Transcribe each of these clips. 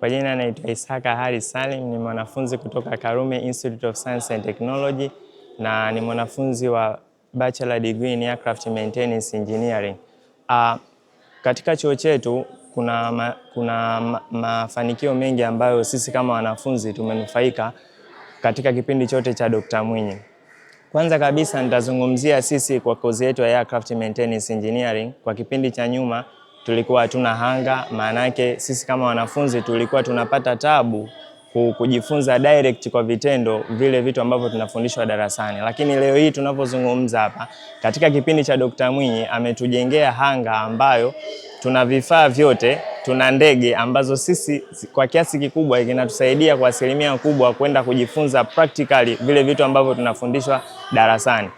Kwa jina naitwa Isaka Hari Salim, ni mwanafunzi kutoka Karume Institute of Science and Technology na ni mwanafunzi wa bachelor degree in aircraft maintenance engineering. Uh, katika chuo chetu kuna, ma, kuna ma, mafanikio mengi ambayo sisi kama wanafunzi tumenufaika katika kipindi chote cha Dr. Mwinyi. Kwanza kabisa nitazungumzia sisi kwa kozi yetu ya aircraft maintenance engineering kwa kipindi cha nyuma tulikuwa hatuna hanga. Maana yake sisi kama wanafunzi tulikuwa tunapata tabu kujifunza direct kwa vitendo vile vitu ambavyo tunafundishwa darasani, lakini leo hii tunavyozungumza hapa katika kipindi cha Dr. Mwinyi ametujengea hanga ambayo tuna vifaa vyote, tuna ndege ambazo sisi kwa kiasi kikubwa kinatusaidia kwa asilimia kubwa kwenda kujifunza practically vile vitu ambavyo tunafundishwa darasani.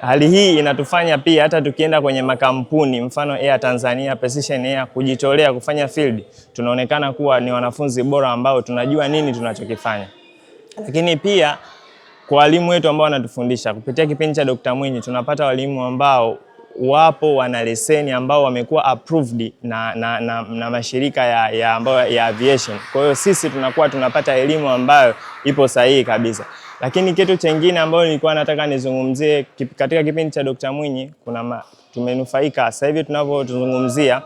Hali hii inatufanya pia hata tukienda kwenye makampuni mfano Air Tanzania, Precision Air kujitolea kufanya field, tunaonekana kuwa ni wanafunzi bora ambao tunajua nini tunachokifanya. Lakini pia kwa walimu wetu ambao wanatufundisha kupitia kipindi cha Dr. Mwinyi, tunapata walimu ambao wapo wana leseni ambao wamekuwa approved na, na, na, na mashirika ya, ya, ambayo, ya aviation. Kwa hiyo sisi tunakuwa tunapata elimu ambayo ipo sahihi kabisa. Lakini kitu chengine ambayo nilikuwa nataka nizungumzie katika kipindi cha Dkt. Mwinyi, kuna ma, tumenufaika sasa hivi tunavyozungumzia,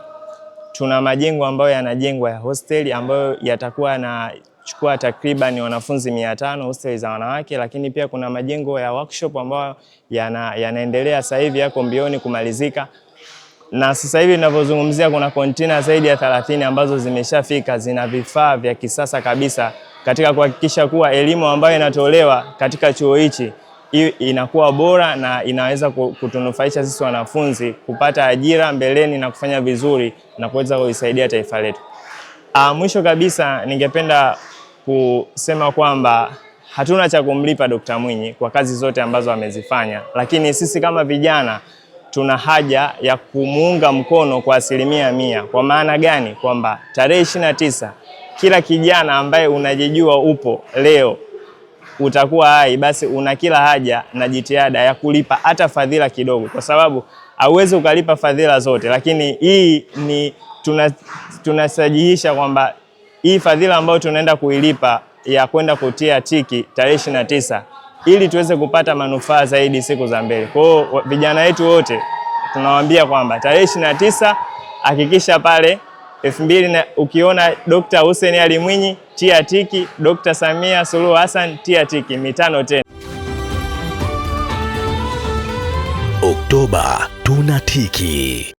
tuna majengo ambayo yanajengwa ya hosteli ambayo yatakuwa na chukua takriban wanafunzi 500 hosteli za wanawake, lakini pia kuna majengo ya workshop ambayo yana, yanaendelea sasa hivi yako mbioni kumalizika na sasa hivi ninavyozungumzia kuna kontena zaidi ya 30 ambazo zimeshafika zina vifaa vya kisasa kabisa katika kuhakikisha kuwa elimu ambayo inatolewa katika chuo hichi inakuwa bora na inaweza kutunufaisha sisi wanafunzi kupata ajira mbeleni na kufanya vizuri na kuweza kuisaidia taifa letu. Ah, mwisho kabisa ningependa kusema kwamba hatuna cha kumlipa Dokta Mwinyi kwa kazi zote ambazo amezifanya, lakini sisi kama vijana tuna haja ya kumuunga mkono kwa asilimia mia. Kwa maana gani? Kwamba tarehe ishirini na tisa kila kijana ambaye unajijua upo leo utakuwa hai, basi una kila haja na jitihada ya kulipa hata fadhila kidogo, kwa sababu hauwezi ukalipa fadhila zote, lakini hii ni tunasajihisha tuna kwamba hii fadhila ambayo tunaenda kuilipa ya kwenda kutia tiki tarehe ishirini na tisa ili tuweze kupata manufaa zaidi siku za mbele. Kwa hiyo vijana wetu wote tunawaambia kwamba tarehe ishirini na tisa hakikisha pale elfu mbili na ukiona Dr. Hussein Ali Mwinyi tia tiki, Dr. Samia Suluhu Hassan tia tiki, mitano tena. Oktoba tuna tiki